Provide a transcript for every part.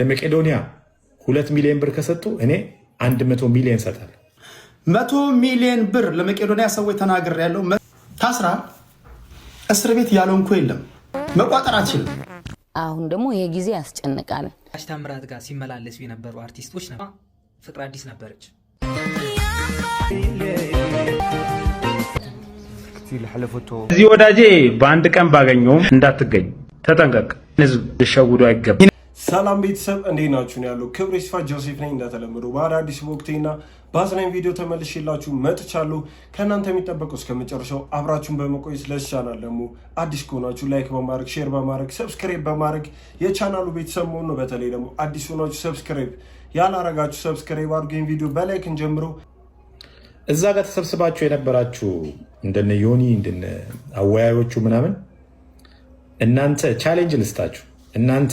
ለመቄዶንያ ሁለት ሚሊዮን ብር ከሰጡ እኔ አንድ መቶ ሚሊዮን ሰጣል። መቶ ሚሊዮን ብር ለመቄዶንያ ሰዎች ተናግር ያለው ታስራ እስር ቤት እንኮ የለም መቋጠር አችልም። አሁን ደግሞ ይሄ ጊዜ ያስጨንቃል። ታምራት ጋር ሲመላለሱ የነበሩ አርቲስቶች ፍቅር አዲስ ነበረች። እዚህ ወዳጄ በአንድ ቀን ባገኘውም እንዳትገኝ ተጠንቀቅ። ህዝብ ሸውዶ አይገባም። ሰላም ቤተሰብ እንዴት ናችሁ? ነው ያለው። ክብር ይስፋ ጆሴፍ ነኝ። እንደተለመደው በአዳዲስ ወቅቴና በአዝናኝ ቪዲዮ ተመልሼላችሁ መጥቻለሁ። ከእናንተ የሚጠበቀው እስከ መጨረሻው አብራችሁን በመቆየት ለቻናል ደግሞ አዲስ ከሆናችሁ ላይክ በማድረግ ሼር በማድረግ ሰብስክራይብ በማድረግ የቻናሉ ቤተሰብ መሆን ነው። በተለይ ደግሞ አዲስ ሆናችሁ ሰብስክራይብ ያላረጋችሁ ሰብስክራይብ አድርገኝ ቪዲዮ በላይክ እንጀምረው። እዛ ጋር ተሰብስባችሁ የነበራችሁ እንደነ ዮኒ እንደነ አወያዮቹ ምናምን እናንተ ቻሌንጅ ልስታችሁ እናንተ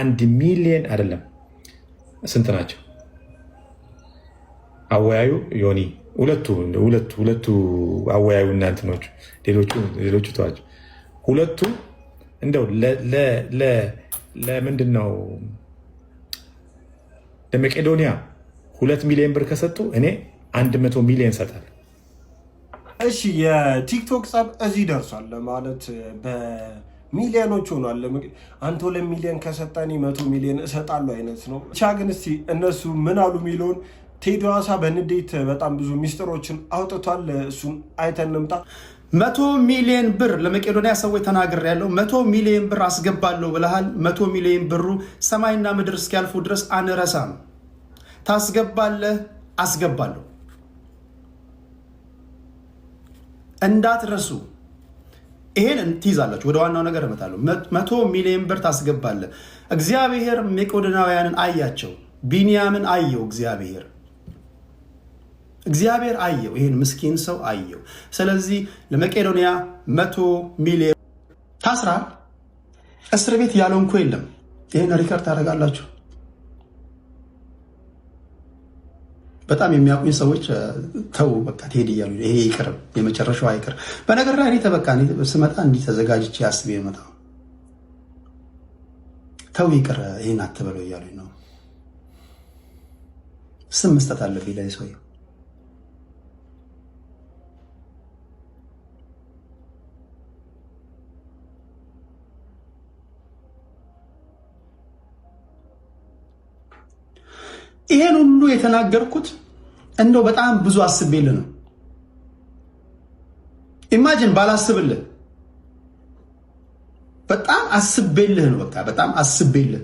አንድ ሚሊየን አይደለም ስንት ናቸው? አወያዩ ዮኒ ሁለቱ ሁለቱ ሁለቱ አወያዩ እናንት ሌሎቹ ተዋቸው ሁለቱ እንደው ለምንድን ነው ለመቄዶንያ ሁለት ሚሊዮን ብር ከሰጡ እኔ አንድ መቶ ሚሊዮን ሰጣል። እሺ የቲክቶክ ጸብ እዚህ ደርሷል ማለት ሚሊዮኖች ሆኗል። አንተ ሁለት ሚሊዮን ከሰጠን መቶ ሚሊዮን እሰጣሉ አይነት ነው። ብቻ ግን እስቲ እነሱ ምን አሉ የሚለውን ቴዲ ዋሳ በንዴት በጣም ብዙ ሚስጥሮችን አውጥቷል። እሱን አይተን እንምጣ። መቶ ሚሊዮን ብር ለመቄዶንያ ሰዎች ተናግር ያለው መቶ ሚሊዮን ብር አስገባለሁ ብለሃል። መቶ ሚሊዮን ብሩ ሰማይና ምድር እስኪያልፉ ድረስ አንረሳም። ታስገባለህ፣ አስገባለሁ እንዳትረሱ ይሄን ትይዛላችሁ። ወደ ዋናው ነገር እመጣለሁ። መቶ ሚሊዮን ብር ታስገባለህ። እግዚአብሔር መቄዶናውያንን አያቸው፣ ቢንያምን አየው። እግዚአብሔር እግዚአብሔር አየው፣ ይሄን ምስኪን ሰው አየው። ስለዚህ ለመቄዶንያ መቶ ሚሊዮን ታስራ እስር ቤት ያለንኮ የለም። ይህን ሪከርድ ታደርጋላችሁ። በጣም የሚያውቁኝ ሰዎች ተው በቃ ትሄድ እያሉ ይሄ ይቅርም የመጨረሻው አይቅር። በነገር ላይ እኔ ተበቃ ስመጣ እንዲህ ተዘጋጅች ያስብ የመጣው ተው ይቅር ይህን አትበለው እያሉ ነው። ስም መስጠት አለብኝ ላይ ሰው ይሄን ሁሉ የተናገርኩት እንደው በጣም ብዙ አስቤል ነው። ኢማጂን ባላስብልህ፣ በጣም አስቤልህ ነው። በቃ በጣም አስቤልህ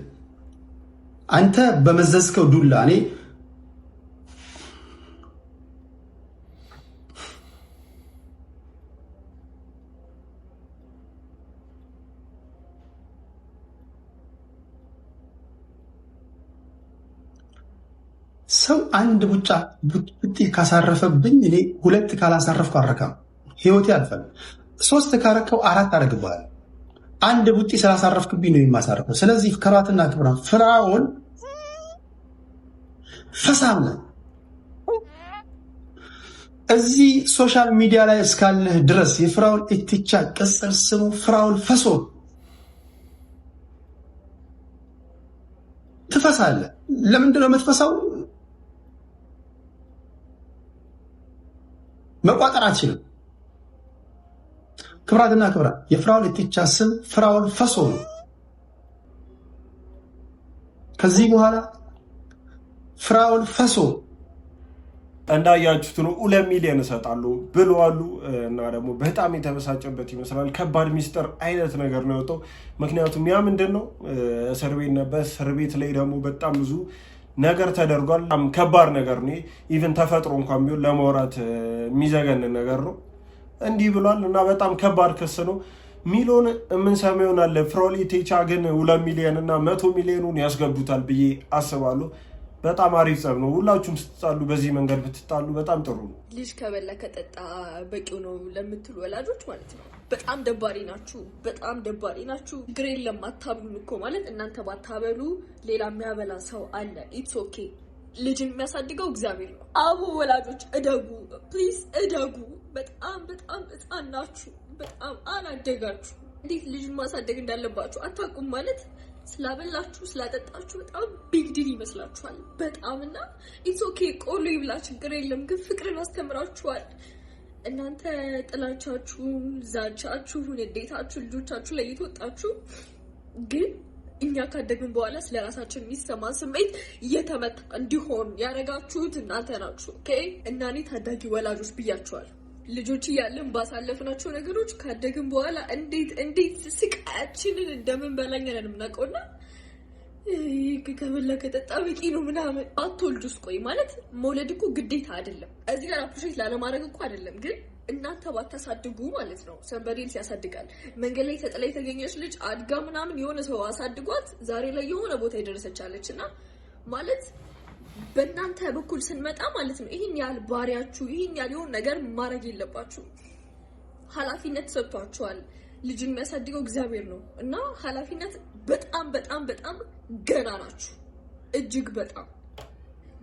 አንተ በመዘዝከው ዱላ እኔ ሰው አንድ ቡጫ ብጥብጥ ካሳረፈብኝ እኔ ሁለት ካላሳረፍኩ አረካም ህይወቴ ያልፋል። ሶስት ካረከው አራት አደርግብሃል። አንድ ቡጢ ስላሳረፍክብኝ ነው የማሳረፈው። ስለዚህ ከራትና ክብራ ፍራውን ፈሳም እዚህ ሶሻል ሚዲያ ላይ እስካለህ ድረስ የፍራውን እትቻ ቅጽል ስሙ ፍራውን ፈሶ ትፈሳለህ። ለምንድነው የምትፈሳው? መቋጠር አትችልም። ክብራትና ክብራ የፍራውል ኢቲቻ ስም ፍራውል ፈሶ ነው። ከዚህ በኋላ ፍራውል ፈሶ እንዳያችሁት ነው። ሁለት ሚሊዮን እሰጣሉ ብለዋሉ እና ደግሞ በጣም የተበሳጨበት ይመስላል። ከባድ ሚስጥር አይነት ነገር ነው የወጣው። ምክንያቱም ያ ምንድን ነው እስር ቤት ነበር። እስር ቤት ላይ ደግሞ በጣም ብዙ ነገር ተደርጓል። ከባድ ነገር ነው። ኢቭን ተፈጥሮ እንኳን ቢሆን ለማውራት የሚዘገንን ነገር ነው። እንዲህ ብሏል እና በጣም ከባድ ክስ ነው። ሚሊዮን የምንሰማ ይሆናል። ፍራኦል ኢቴቻ ግን ሁለት ሚሊዮን እና መቶ ሚሊዮኑን ያስገቡታል ብዬ አስባለሁ። በጣም አሪፍ ጸብ ነው። ሁላችሁም ስትጣሉ በዚህ መንገድ ብትጣሉ በጣም ጥሩ ነው። ልጅ ከበላ ከጠጣ በቂው ነው ለምትሉ ወላጆች ማለት ነው በጣም ደባሪ ናችሁ፣ በጣም ደባሪ ናችሁ። ግሬን ለማታብሉን እኮ ማለት እናንተ ባታበሉ ሌላ የሚያበላ ሰው አለ። ኢትስ ኦኬ። ልጅ የሚያሳድገው እግዚአብሔር ነው። አቡ ወላጆች እደጉ፣ ፕሊዝ እደጉ። በጣም በጣም ሕፃን ናችሁ፣ በጣም አላደጋችሁ። እንዴት ልጅ ማሳደግ እንዳለባችሁ አታውቁም ማለት ስላበላችሁ ስላጠጣችሁ በጣም ቢግ ዲል ይመስላችኋል። በጣም እና ኢትስ ኦኬ ቆሎ ይብላ ችግር የለም ግን ፍቅርን አስተምራችኋል። እናንተ ጥላቻችሁን፣ ዛቻችሁን፣ እንዴታችሁ ልጆቻችሁ ላይ እየተወጣችሁ ግን እኛ ካደግን በኋላ ስለ ራሳችን የሚሰማ ስሜት እየተመታ እንዲሆን ያደረጋችሁት እናንተ ናችሁ። እና እኔ ታዳጊ ወላጆች ብያችኋል። ልጆች እያለን ባሳለፍናቸው ነገሮች ካደግን በኋላ እንዴት እንዴት ስቃያችንን እንደምን በላኛለን የምናውቀውና ከበላ ከጠጣ በቂ ነው ምናምን አትወልድ ውስጥ ቆይ ማለት መውለድ እኮ ግዴታ አይደለም። እዚህ ጋር አፕሪሼት ላለማድረግ እኮ አይደለም ግን እናንተ ባታሳድጉ ማለት ነው። ሰንበዴልስ ያሳድጋል። መንገድ ላይ ተጥላ የተገኘች ልጅ አድጋ ምናምን የሆነ ሰው አሳድጓት ዛሬ ላይ የሆነ ቦታ የደረሰቻለች እና ማለት በእናንተ በኩል ስንመጣ ማለት ነው ይህን ያህል ባሪያችሁ ይህን ያህል የሆን ነገር ማድረግ የለባችሁ። ኃላፊነት ሰጥቷችኋል። ልጅን የሚያሳድገው እግዚአብሔር ነው እና ኃላፊነት በጣም በጣም በጣም ገና ናችሁ። እጅግ በጣም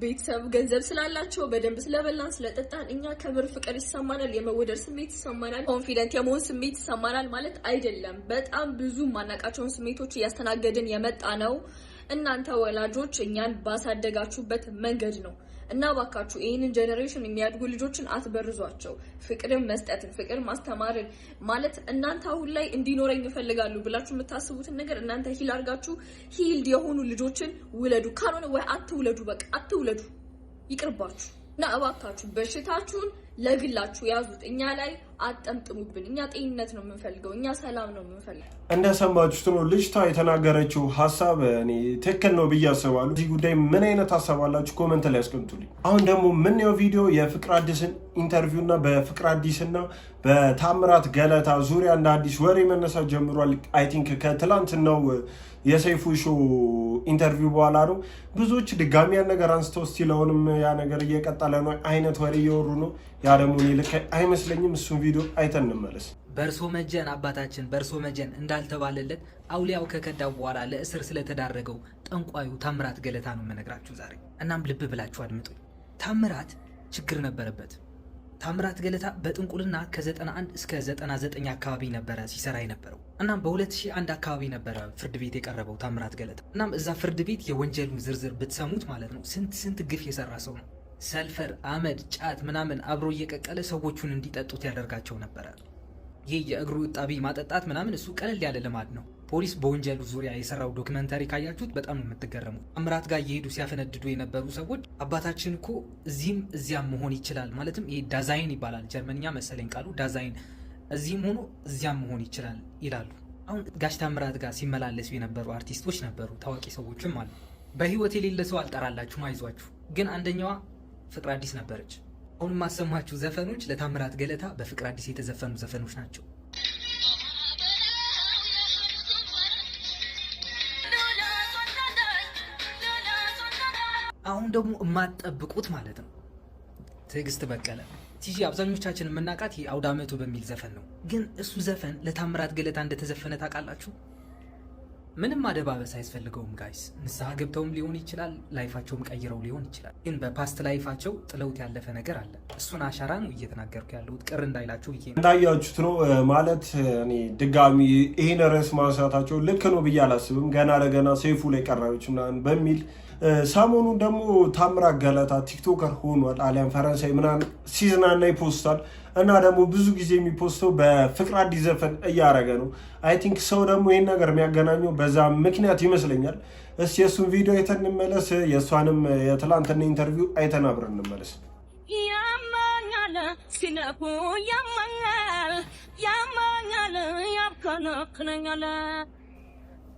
ቤተሰብ ገንዘብ ስላላቸው በደንብ ስለበላን ስለጠጣን እኛ ከብር ፍቅር ይሰማናል፣ የመወደድ ስሜት ይሰማናል፣ ኮንፊደንት የመሆን ስሜት ይሰማናል ማለት አይደለም። በጣም ብዙ ማናቃቸውን ስሜቶች እያስተናገድን የመጣ ነው። እናንተ ወላጆች እኛን ባሳደጋችሁበት መንገድ ነው እና ባካችሁ ይህንን ጀኔሬሽን የሚያድጉ ልጆችን አትበርዟቸው። ፍቅርን መስጠትን፣ ፍቅር ማስተማርን ማለት እናንተ አሁን ላይ እንዲኖረኝ ይፈልጋሉ ብላችሁ የምታስቡትን ነገር እናንተ ሂል አድርጋችሁ ሂልድ የሆኑ ልጆችን ውለዱ። ካልሆነ ወይ አትውለዱ፣ በቃ አትውለዱ፣ ይቅርባችሁ እና እባካችሁ በሽታችሁን ለግላችሁ ያዙት። እኛ ላይ አጠምጥሙብን። እኛ ጤንነት ነው የምንፈልገው፣ እኛ ሰላም ነው የምንፈልገው። እንደሰማችሁት ነው ልጅቷ የተናገረችው ሀሳብ እኔ ትክክል ነው ብዬ አስባለሁ። እዚህ ጉዳይ ምን አይነት ሀሳብ አላችሁ? ኮመንት ላይ አስቀምጡልኝ። አሁን ደግሞ የምናየው ቪዲዮ የፍቅር አዲስን ኢንተርቪው እና በፍቅር አዲስና በታምራት ገለታ ዙሪያ እንደ አዲስ ወሬ መነሳት ጀምሯል። አይ ቲንክ ከትላንትናው የሰይፉ ሾ ኢንተርቪው በኋላ ነው ብዙዎች ድጋሚ ያን ነገር አንስተው ስቲለውንም ያ ነገር እየቀጠለ ነው አይነት ወሬ እየወሩ ነው ያ ደግሞ እኔ ልክ አይመስለኝም። እሱን ቪዲዮ አይተን እንመለስ። በእርሶ መጀን አባታችን በእርሶ መጀን እንዳልተባለለት አውሊያው ከከዳው በኋላ ለእስር ስለተዳረገው ጠንቋዩ ታምራት ገለታ ነው የምነግራችሁ ዛሬ። እናም ልብ ብላችሁ አድምጡኝ። ታምራት ችግር ነበረበት። ታምራት ገለታ በጥንቁልና ከ91 እስከ 99 አካባቢ ነበረ ሲሰራ የነበረው። እናም በ2001 አካባቢ ነበረ ፍርድ ቤት የቀረበው ታምራት ገለታ። እናም እዛ ፍርድ ቤት የወንጀሉን ዝርዝር ብትሰሙት ማለት ነው ስንት ስንት ግፍ የሰራ ሰው ነው ሰልፈር፣ አመድ፣ ጫት ምናምን አብሮ እየቀቀለ ሰዎቹን እንዲጠጡት ያደርጋቸው ነበረ። ይህ የእግሩ እጣቢ ማጠጣት ምናምን እሱ ቀለል ያለ ልማድ ነው። ፖሊስ በወንጀሉ ዙሪያ የሰራው ዶክመንታሪ ካያችሁት በጣም ነው የምትገረሙ። አምራት ጋር እየሄዱ ሲያፈነድዱ የነበሩ ሰዎች አባታችን እኮ እዚህም እዚያም መሆን ይችላል፣ ማለትም ይሄ ዳዛይን ይባላል ጀርመንኛ መሰለኝ ቃሉ ዳዛይን፣ እዚህም ሆኖ እዚያም መሆን ይችላል ይላሉ። አሁን ጋሽ ታምራት ጋር ሲመላለሱ የነበሩ አርቲስቶች ነበሩ፣ ታዋቂ ሰዎችም አሉ። በህይወት የሌለ ሰው አልጠራላችሁም፣ አይዟችሁ። ግን አንደኛዋ ፍቅር አዲስ ነበረች። አሁን የማሰማችሁ ዘፈኖች ለታምራት ገለታ በፍቅር አዲስ የተዘፈኑ ዘፈኖች ናቸው። አሁን ደግሞ የማትጠብቁት ማለት ነው ትዕግስት በቀለ ቲጂ አብዛኞቻችን የምናውቃት የአውደ ዓመቱ በሚል ዘፈን ነው። ግን እሱ ዘፈን ለታምራት ገለታ እንደተዘፈነ ታውቃላችሁ? ምንም አደባበስ አያስፈልገውም ጋይስ። ንስሐ ገብተውም ሊሆን ይችላል፣ ላይፋቸውም ቀይረው ሊሆን ይችላል። ግን በፓስት ላይፋቸው ጥለውት ያለፈ ነገር አለ። እሱን አሻራ ነው እየተናገርኩ ያለሁት፣ ቅር እንዳይላችሁ ብዬ እንዳያችሁት ነው። ማለት እኔ ድጋሚ ይህን ርዕስ ማንሳታቸው ልክ ነው ብዬ አላስብም። ገና ለገና ሰይፉ ላይ ቀራዮች ምናምን በሚል ሰሞኑን ደግሞ ታምራ ገለታ ቲክቶከር ሆኗል፣ አሊያም ፈረንሳይ ምናምን ሲዝናና ይፖስታል እና ደግሞ ብዙ ጊዜ የሚፖስተው በፍቅር አዲስ ዘፈን እያደረገ ነው። አይ ቲንክ ሰው ደግሞ ይህን ነገር የሚያገናኘው በዛ ምክንያት ይመስለኛል። እስኪ የእሱን ቪዲዮ አይተን እንመለስ። የእሷንም የትላንትና ኢንተርቪው አይተን አብረን እንመለስ። ያማኛል ሲነኩ ያማኛል ያማኛል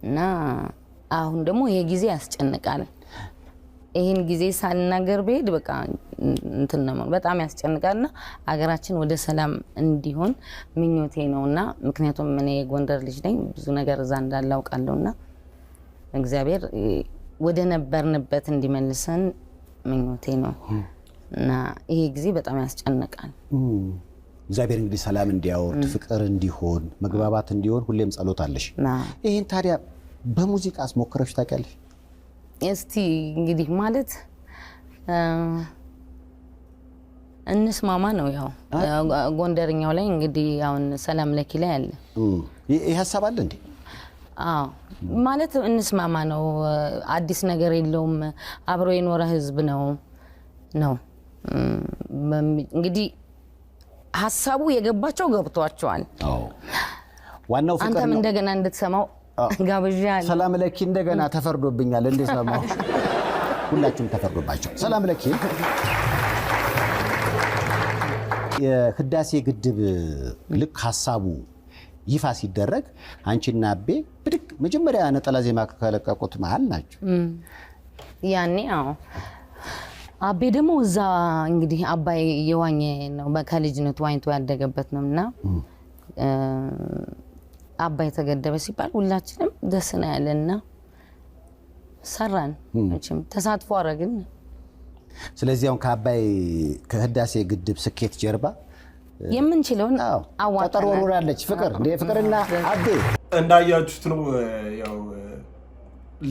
እና አሁን ደግሞ ይሄ ጊዜ ያስጨንቃል። ይህን ጊዜ ሳልናገር ብሄድ በቃ እንትን ነው በጣም ያስጨንቃልና አገራችን ወደ ሰላም እንዲሆን ምኞቴ ነውና፣ ምክንያቱም እኔ የጎንደር ልጅ ነኝ ብዙ ነገር እዛ እንዳላውቃለሁና እግዚአብሔር ወደ ነበርንበት እንዲመልሰን ምኞቴ ነው እና ይሄ ጊዜ በጣም ያስጨንቃል። እግዚአብሔር እንግዲህ ሰላም እንዲያወርድ፣ ፍቅር እንዲሆን፣ መግባባት እንዲሆን ሁሌም ጸሎት አለሽ። ይህን ታዲያ በሙዚቃ አስሞክረሽ ታውቂያለሽ? እስቲ እንግዲህ ማለት እንስማማ ነው። ያው ጎንደርኛው ላይ እንግዲህ አሁን ሰላም ለኪ ላይ አለ ይህ ሀሳብ አለ እንዴ? ማለት እንስማማ ነው። አዲስ ነገር የለውም። አብሮ የኖረ ህዝብ ነው ነው እንግዲህ ሀሳቡ የገባቸው ገብቷቸዋል። ዋናው አንተም እንደገና እንድትሰማው ጋብዣለሁ። ሰላም ለኪ እንደገና ተፈርዶብኛል። እንዴ ሰማሁ። ሁላችሁም ተፈርዶባቸው። ሰላም ለኪ የህዳሴ ግድብ ልክ ሀሳቡ ይፋ ሲደረግ አንቺና አቤ ብድግ መጀመሪያ ነጠላ ዜማ ከለቀቁት መሀል ናቸው። ያኔ አዎ አቤ ደግሞ እዛ እንግዲህ አባይ የዋኘ ነው ከልጅነቱ ዋኝቶ ያደገበት ነው እና አባይ ተገደበ ሲባል ሁላችንም ደስ ነው ያለንና ሰራን፣ ተሳትፎ አረግን። ስለዚህ አሁን ከአባይ ከህዳሴ ግድብ ስኬት ጀርባ የምንችለውን አዋጠር ወርውራለች ፍቅር እንደ ፍቅርና አቤ እንዳያችሁት ነው። ያው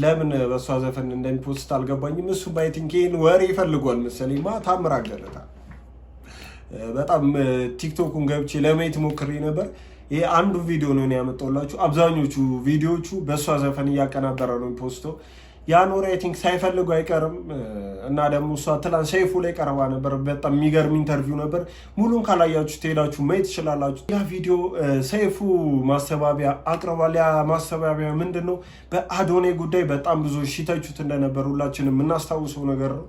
ለምን በእሷ ዘፈን እንደሚፖስት አልገባኝም። እሱ ባይቲንኬን ወሬ ይፈልጓል መሰለኝ። ማ ታምር በጣም ቲክቶኩን ገብቼ ለማየት ሞክሬ ነበር። ይሄ አንዱ ቪዲዮ ነው ያመጣሁላችሁ። አብዛኞቹ ቪዲዮቹ በእሷ ዘፈን እያቀናበረ ነው ፖስተው ያኖር ቲንክ ሳይፈልጉ አይቀርም እና ደግሞ እሷ ትላንት ሰይፉ ላይ ቀርባ ነበር። በጣም የሚገርም ኢንተርቪው ነበር። ሙሉን ካላያችሁ ትሄዳችሁ ማየት ትችላላችሁ። ያ ቪዲዮ ሰይፉ ማስተባበያ አቅርቧል። ያ ማስተባበያ ምንድን ነው? በአዶኔ ጉዳይ በጣም ብዙ ሺተቹት እንደነበር ሁላችንም የምናስታውሰው ነገር ነው።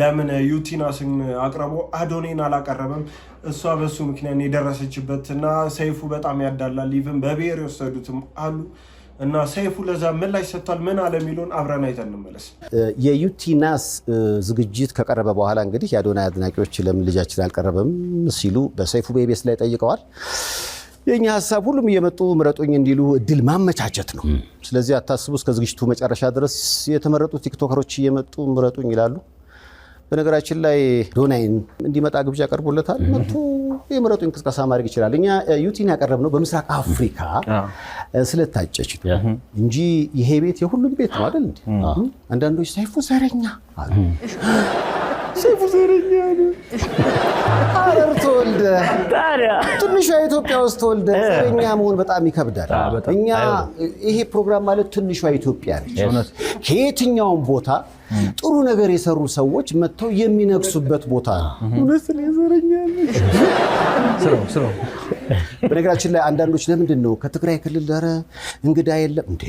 ለምን ዩቲናስን አቅርቦ አዶኔን አላቀረበም? እሷ በሱ ምክንያት የደረሰችበት እና ሰይፉ በጣም ያዳላል። ኢቭን በብሔር የወሰዱትም አሉ እና ሰይፉ ለዛ ምላሽ ሰጥቷል። ምን አለ የሚለውን አብረን አይተን እንመለስ። የዩቲናስ ዝግጅት ከቀረበ በኋላ እንግዲህ የአዶናይ አድናቂዎች ለምን ልጃችን አልቀረበም ሲሉ በሰይፉ ቤቤስ ላይ ጠይቀዋል። የእኛ ሀሳብ ሁሉም እየመጡ ምረጡኝ እንዲሉ እድል ማመቻቸት ነው። ስለዚህ አታስቡ፣ እስከ ዝግጅቱ መጨረሻ ድረስ የተመረጡ ቲክቶከሮች እየመጡ ምረጡኝ ይላሉ። በነገራችን ላይ ዶናይን እንዲመጣ ግብዣ ቀርቦለታል። መቶ የምረጡ እንቅስቃሴ ማድረግ ይችላል። እኛ ዩቲን ያቀረብነው በምስራቅ አፍሪካ ስለታጨች እንጂ ይሄ ቤት የሁሉም ቤት ነው አይደል? አንዳንዶች ሰይፉ ዘረኛ ሰይፉ ዘረኛ ነው። ሐረር ተወልደህ ትንሿ ኢትዮጵያ ውስጥ ተወልደ ዘረኛ መሆን በጣም ይከብዳል። እኛ ይሄ ፕሮግራም ማለት ትንሿ ኢትዮጵያ ነች። ከየትኛውም ቦታ ጥሩ ነገር የሰሩ ሰዎች መጥተው የሚነግሱበት ቦታ ነው። በነገራችን ላይ አንዳንዶች ለምንድን ነው ከትግራይ ክልል ደረ እንግዳ የለም እንዴ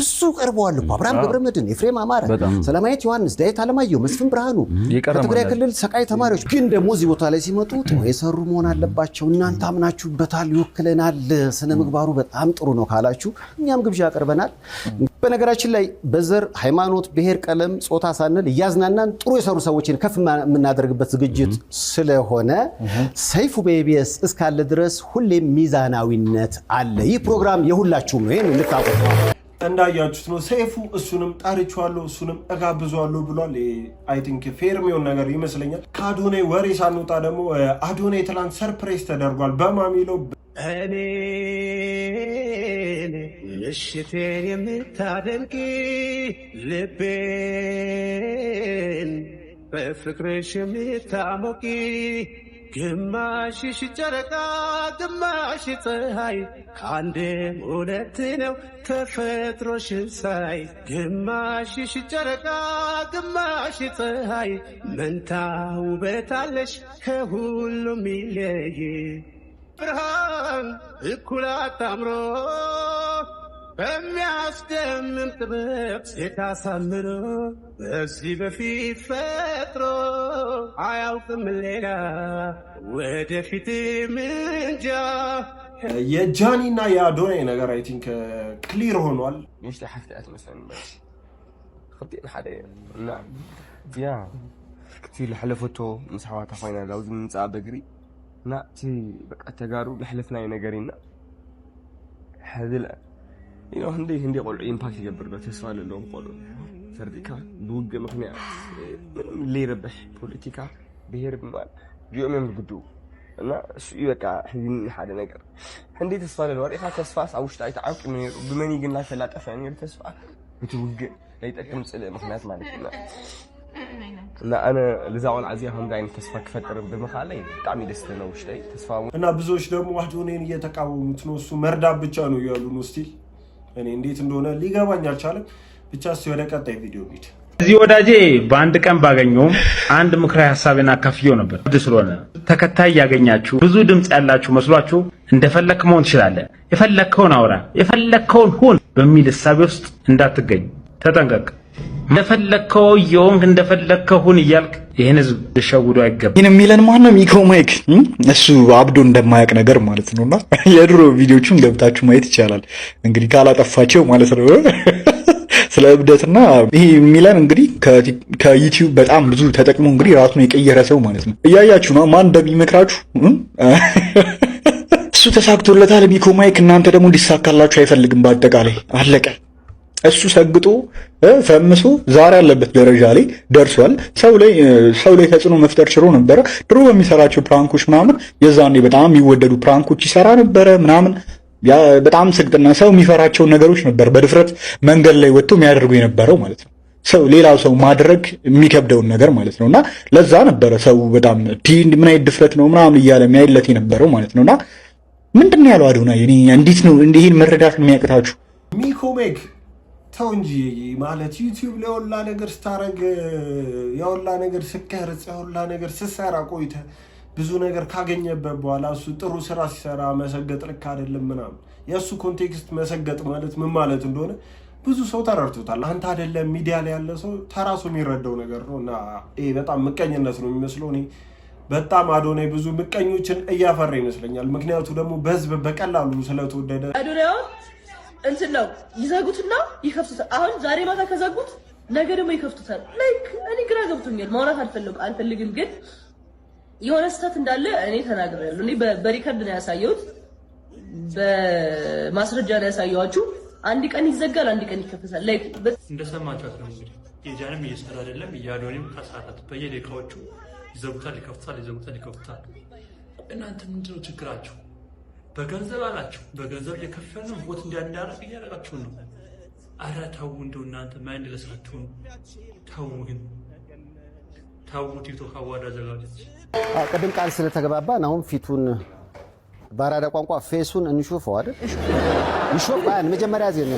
ብዙ ቀርበዋል እኮ አብርሃም ገብረመድህን፣ ኤፍሬም አማረ፣ ሰላማዊት ዮሐንስ፣ ዳዊት አለማየሁ፣ መስፍን ብርሃኑ ከትግራይ ክልል ሰቃይ ተማሪዎች። ግን ደግሞ እዚህ ቦታ ላይ ሲመጡ የሰሩ መሆን አለባቸው። እናንተ አምናችሁበታል፣ ይወክለናል፣ ስነ ምግባሩ በጣም ጥሩ ነው ካላችሁ እኛም ግብዣ ያቀርበናል። በነገራችን ላይ በዘር ሃይማኖት፣ ብሔር፣ ቀለም፣ ጾታ ሳንል እያዝናናን ጥሩ የሰሩ ሰዎችን ከፍ የምናደርግበት ዝግጅት ስለሆነ ሰይፉ በኢቢኤስ እስካለ ድረስ ሁሌም ሚዛናዊነት አለ። ይህ ፕሮግራም የሁላችሁም ነው። ይህን እንዳያችሁት ነው ሰይፉ እሱንም ጠርቼዋለሁ እሱንም እጋብዘዋለሁ ብሏል። አይ ቲንክ ፌር የሚሆን ነገር ይመስለኛል። ከአዶናይ ወሬ ሳንወጣ ደግሞ አዶናይ ትላንት ሰርፕሬስ ተደርጓል። በማሚለው እኔ ምሽቴን የምታደምቂ ልቤን በፍቅርሽ የምታሞቂ ግማሽሽ ጨረቃ ግማሽ ፀሐይ ከአንዴ ሁለት ነው ተፈጥሮሽን ሳይ ግማሽሽ ጨረቃ ግማሽ ፀሐይ መንታ ውበታለሽ ከሁሉም ይለይ ብርሃን እኩላ አታምሮ በሚያስደምም ጥበብ የታሳምሮ በዚህ በፊት ፈጥሮ አያውቅም ሌላ ወደፊት ምንጃ። የጃኒ እና የአዶናይ ነገር አይ ቲንክ ክሊር ሆኗል። እቲ ዝሓለፈቶ ምስ ኣሕዋታ ኮይና ኣብዚ ምምፃእ በግሪ እና እቲ በቃ ተጋሩ ዝሕለፍናዮ ነገር ኢና ሕዝልአ እንደ እንደ ቆልዑ ኢምፓክት ይገብርበት ተስፋ ለለዎም ቆልዑ ሰርዲካ ብውግእ ምክንያት ምንም ዘይረብሕ ፖለቲካ ብሄር ብማል እዚኦም ግዱ እና እሱ እዩ በቃ ሕዚኒ ሓደ ነገር ሕንደይ ተስፋ ለለዎ ሪኢካ ተስፋስ ኣብ ውሽጢ ኣይተዓቂሙ ነይሩ ብመን ግን ናተላጠፈ ነይሩ ተስፋ እቲ ውግእ ዘይጠቅም ፅልእ ምክንያት ማለት እዩ እና ኣነ ልዛ ቆልዓ እዚኣ ከምዚ ዓይነት ተስፋ ክፈጥር ብምካለይ ብጣዕሚ ደስ ለና ውሽጠይ ተስፋ እና ብዙዎች ደግሞ ዋሕድ ሆነን እየተቃወሙት ነሱ መርዳብ ብቻ ነው እያሉን ስቲል እኔ እንዴት እንደሆነ ሊገባኝ አልቻለም። ብቻ እስኪ ወደ ቀጣይ ቪዲዮ ሂድ። እዚህ ወዳጄ በአንድ ቀን ባገኘውም አንድ ምክራዊ ሀሳቤን አካፍየው ነበር። ስለሆነ ተከታይ ያገኛችሁ ብዙ ድምፅ ያላችሁ መስሏችሁ እንደፈለክ መሆን ትችላለህ፣ የፈለከውን አውራ፣ የፈለከውን ሁን በሚል እሳቤ ውስጥ እንዳትገኝ ተጠንቀቅ። እንደፈለግከው እየሆንክ እንደፈለግከውን እያልክ ይህን ህዝብ ልሸውዶ አይገባም። ይህን የሚለን ማን ነው? ሚኮ ማይክ እሱ አብዶ እንደማያውቅ ነገር ማለት ነውና የድሮ ቪዲዮቹን ገብታችሁ ማየት ይቻላል። እንግዲህ ካላጠፋቸው ማለት ነው። ስለ እብደትና ይሄ ሚለን እንግዲህ ከዩቲዩብ በጣም ብዙ ተጠቅሞ እንግዲህ ራሱን የቀየረ ሰው ማለት ነው። እያያችሁ ነው ማን እንደሚመክራችሁ እሱ ተሳክቶለታል። ሚኮ ማይክ እናንተ ደግሞ እንዲሳካላችሁ አይፈልግም። በአጠቃላይ አለቀ። እሱ ሰግጦ ፈምሶ ዛሬ ያለበት ደረጃ ላይ ደርሷል። ሰው ላይ ሰው ላይ ተጽዕኖ መፍጠር ችሎ ነበረ። ድሮ በሚሰራቸው ፕራንኮች ምናምን የዛኔ በጣም የሚወደዱ ፕራንኮች ይሰራ ነበረ ምናምን በጣም ስግጥና ሰው የሚፈራቸውን ነገሮች ነበር በድፍረት መንገድ ላይ ወጥቶ የሚያደርጉ የነበረው ማለት ነው። ሰው ሌላ ሰው ማድረግ የሚከብደውን ነገር ማለት ነው። እና ለዛ ነበረ ሰው በጣም ምን አይነት ድፍረት ነው ምናምን እያለ የሚያይለት የነበረው ማለት ነው። እና ምንድን ነው ያለው አዶናይ? እኔ እንዴት ነው ይህን መረዳት የሚያቅታችሁ? ሚኮሜግ ተው እንጂ ማለት ዩቲዩብ ላይ የወላ ነገር ስታረግ የወላ ነገር ስከርጽ የወላ ነገር ስሰራ ቆይተ ብዙ ነገር ካገኘበት በኋላ እሱ ጥሩ ስራ ሲሰራ መሰገጥ ልክ አይደለም ምናምን የእሱ ኮንቴክስት መሰገጥ ማለት ምን ማለት እንደሆነ ብዙ ሰው ተረድቶታል። አንተ አይደለም ሚዲያ ላይ ያለ ሰው ተራሱ የሚረዳው ነገር ነው። እና ይሄ በጣም ምቀኝነት ነው የሚመስለው። እኔ በጣም አዶናይ ብዙ ምቀኞችን እያፈራ ይመስለኛል። ምክንያቱ ደግሞ በህዝብ በቀላሉ ስለተወደደ እንትን ነው ይዘጉትና ይከፍቱታል። አሁን ዛሬ ማታ ከዘጉት ነገ ደግሞ ይከፍቱታል። ላይክ እኔ ግራ ገብቶኛል። ማውራት አልፈልግም፣ ግን የሆነ ስህተት እንዳለ እኔ ተናግሬያለሁ። እኔ በሪከርድ ነው ያሳየሁት፣ በማስረጃ ነው ያሳየኋችሁ። አንድ ቀን ይዘጋል፣ አንድ ቀን ይከፍታል። ላይክ እንደሰማችኋት ነው እንግዲህ። የጃንም እየሰራ አይደለም፣ የአዶኒም ከሰዓታት በየደቂቃዎቹ ይዘጉታል፣ ይከፍታል፣ ይዘጉታል፣ ይከፍታል። እናንተ ምንድነው ችግራችሁ? በገንዘብ አላቸው። በገንዘብ እየከፈልን ሞት እንዲያንዳረቅ እያደረጋችሁን ነው። አረ ተው እንደው እናንተ ማይንድ ለሳችሁን ተው። ግን ተው። ቲክቶክ አዋርድ አዘጋጀች። ቅድም ቃል ስለተገባባን አሁን ፊቱን በአራዳ ቋንቋ ፌሱን እንሹፈው አይደል? ይሾፍ አያን መጀመሪያ ዜና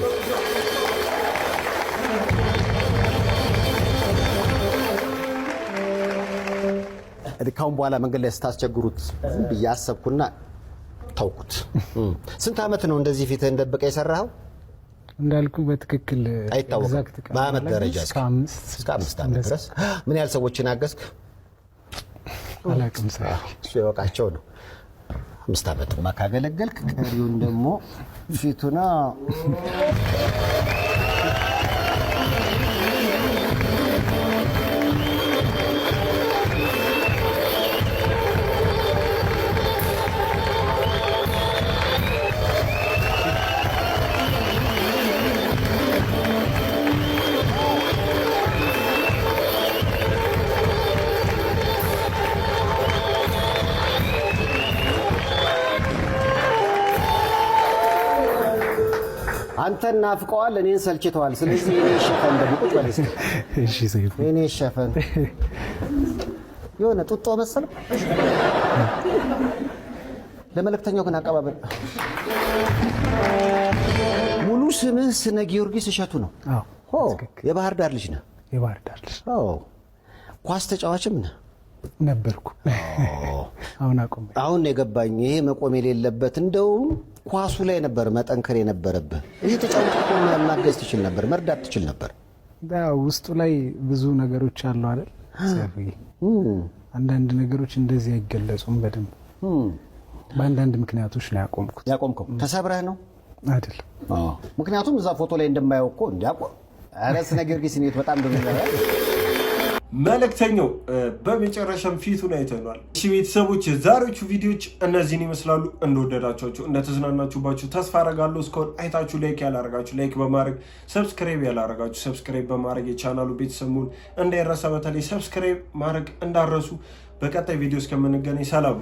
ካሁን በኋላ መንገድ ላይ ስታስቸግሩት ብዬ አሰብኩና ተውኩት። ስንት ዓመት ነው እንደዚህ ፊት እንደበቀ የሰራው? እንዳልኩ በትክክል አይታወቅም። በዓመት ደረጃ እስከ አምስት ዓመት ድረስ ምን ያህል ሰዎችን አገዝክ? አላቅም እሱ ያወቃቸው ነው። አምስት ዓመት ካገለገልክ ቀሪውን ደግሞ ፊቱና አንተን ናፍቀዋል፣ እኔን ሰልችተዋል። ስለዚህ እኔ ሸፈን እኔ ሸፈን የሆነ ጡጦ መሰል ለመልእክተኛው ግን አቀባበል ሙሉ ስምህ ስነ ጊዮርጊስ እሸቱ ነው። የባህር ዳር ልጅ ነህ። የባህር ዳር ልጅ ኳስ ተጫዋችም ነህ። ነበርኩ። አሁን አቆም። አሁን የገባኝ ይሄ መቆም የሌለበት እንደውም ኳሱ ላይ ነበር መጠንከር የነበረብህ። ይህ ተጫዋች ማገዝ ትችል ነበር፣ መርዳት ትችል ነበር። ውስጡ ላይ ብዙ ነገሮች አሉ አይደል? አንዳንድ ነገሮች እንደዚህ አይገለጹም በደንብ በአንዳንድ ምክንያቶች ነው ያቆምኩት። ያቆምከው ተሰብረህ ነው አይደል? ምክንያቱም እዛ ፎቶ ላይ እንደማያውቅ እኮ እንዲያቆም ኧረ ስነ ጊዮርጊስ በጣም መልእክተኛው በመጨረሻም ፊቱን አይተኗል። እሺ ቤተሰቦች የዛሬዎቹ ቪዲዮዎች እነዚህን ይመስላሉ። እንደወደዳችኋቸው እንደተዝናናችሁባቸው ተስፋ አረጋለሁ። እስካሁን አይታችሁ ላይክ ያላረጋችሁ ላይክ በማድረግ ሰብስክራይብ ያላረጋችሁ ሰብስክራይብ በማድረግ የቻናሉ ቤተሰቡን እንዳይረሳ፣ በተለይ ሰብስክራይብ ማድረግ እንዳረሱ። በቀጣይ ቪዲዮ እስከምንገናኝ ሰላም።